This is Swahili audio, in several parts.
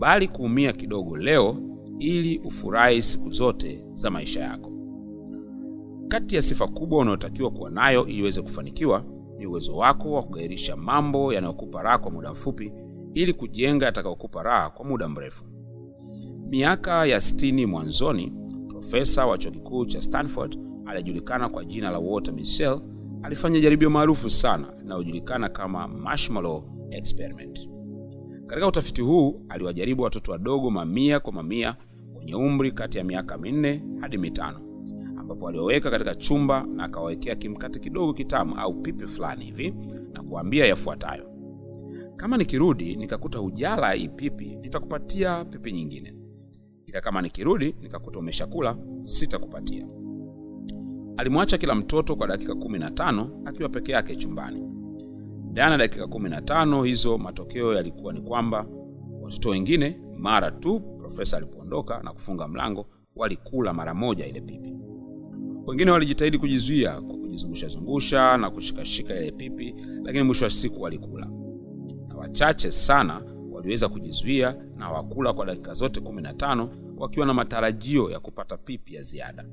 Kubali kuumia kidogo leo ili ufurahi siku zote za maisha yako. Kati ya sifa kubwa unayotakiwa kuwa nayo ili uweze kufanikiwa ni uwezo wako wa kugairisha mambo yanayokupa raha kwa muda mfupi ili kujenga yatakayokupa raha kwa muda mrefu. Miaka ya stini mwanzoni, profesa wa chuo kikuu cha Stanford aliyejulikana kwa jina la Walter Mischel alifanya jaribio maarufu sana linalojulikana kama marshmallow experiment. Katika utafiti huu aliwajaribu watoto wadogo mamia kwa mamia wenye umri kati ya miaka minne hadi mitano ambapo aliwaweka katika chumba na akawawekea kimkate kidogo kitamu au pipi fulani hivi na kuambia yafuatayo: kama nikirudi nikakuta hujala hii pipi, nitakupatia pipi nyingine, ila kama nikirudi nikakuta umeshakula, sitakupatia. Alimwacha kila mtoto kwa dakika 15 akiwa peke yake chumbani jana dakika 15 hizo matokeo yalikuwa ni kwamba watoto wengine mara tu profesa alipoondoka na kufunga mlango walikula mara moja ile pipi wengine walijitahidi kujizuia kwa kujizungushazungusha na kushikashika ile pipi lakini mwisho wa siku walikula na wachache sana waliweza kujizuia na wakula kwa dakika zote 15 wakiwa na matarajio ya kupata pipi ya ziada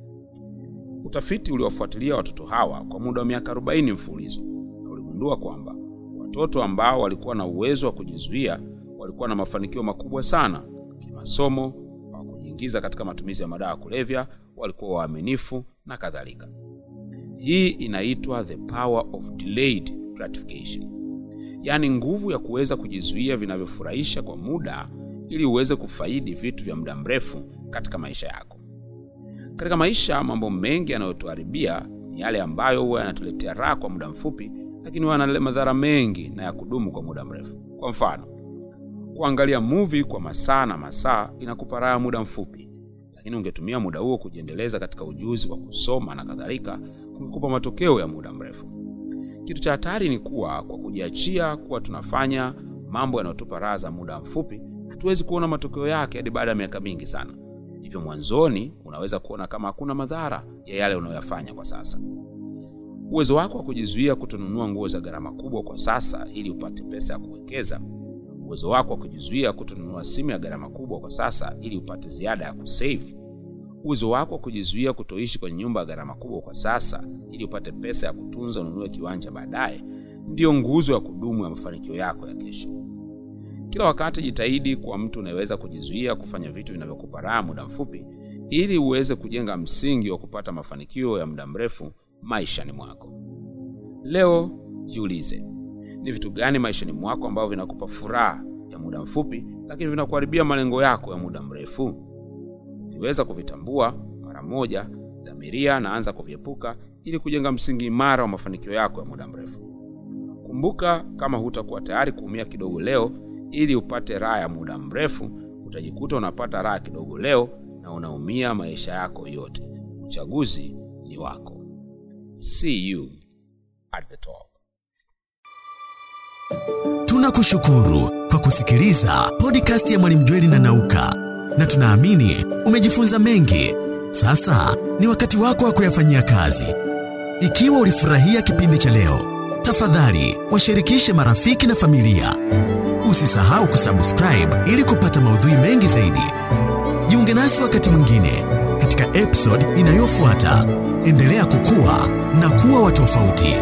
utafiti uliofuatilia watoto hawa kwa muda wa miaka 40 mfululizo na uligundua kwamba Watoto ambao walikuwa na uwezo wa kujizuia walikuwa na mafanikio makubwa sana kimasomo, kujiingiza katika matumizi ya madawa ya kulevya, walikuwa waaminifu na kadhalika. Hii inaitwa the power of delayed gratification, yaani nguvu ya kuweza kujizuia vinavyofurahisha kwa muda ili uweze kufaidi vitu vya muda mrefu katika maisha yako. Katika maisha, mambo mengi yanayotuharibia ni yale ambayo huwa yanatuletea raha kwa muda mfupi lakini wana madhara mengi na ya kudumu kwa muda mrefu kwa mfano kuangalia muvi kwa masaa na masaa inakupa raha muda mfupi lakini ungetumia muda huo kujiendeleza katika ujuzi wa kusoma na kadhalika kungekupa matokeo ya muda mrefu kitu cha hatari ni kuwa kwa kujiachia kuwa tunafanya mambo yanayotupa raha za muda mfupi hatuwezi kuona matokeo yake hadi baada ya miaka mingi sana hivyo mwanzoni unaweza kuona kama hakuna madhara ya yale unayoyafanya kwa sasa Uwezo wako wa kujizuia kutonunua nguo za gharama kubwa kwa sasa ili upate pesa ya kuwekeza, uwezo wako wa kujizuia kutonunua simu ya gharama kubwa kwa sasa ili upate ziada ya kusave, uwezo wako wa kujizuia kutoishi kwenye nyumba ya gharama kubwa kwa sasa ili upate pesa ya kutunza ununue kiwanja baadaye, ndiyo nguzo ya kudumu ya mafanikio yako ya kesho. Kila wakati jitahidi kuwa mtu unayeweza kujizuia kufanya vitu vinavyokupa raha muda mfupi, ili uweze kujenga msingi wa kupata mafanikio ya muda mrefu maishani mwako leo jiulize ni vitu gani maishani mwako ambavyo vinakupa furaha ya muda mfupi lakini vinakuharibia malengo yako ya muda mrefu ukiweza kuvitambua mara moja dhamiria na anza kuviepuka ili kujenga msingi imara wa mafanikio yako ya muda mrefu kumbuka kama hutakuwa tayari kuumia kidogo leo ili upate raha ya muda mrefu utajikuta unapata raha kidogo leo na unaumia maisha yako yote uchaguzi ni wako See you at the top. Tunakushukuru kwa kusikiliza podcast ya Mwalimu Jweli na Nauka na tunaamini umejifunza mengi. Sasa ni wakati wako wa kuyafanyia kazi. Ikiwa ulifurahia kipindi cha leo, tafadhali washirikishe marafiki na familia. Usisahau kusubscribe ili kupata maudhui mengi zaidi. Jiunge nasi wakati mwingine katika episodi inayofuata. Endelea kukua na kuwa watofauti.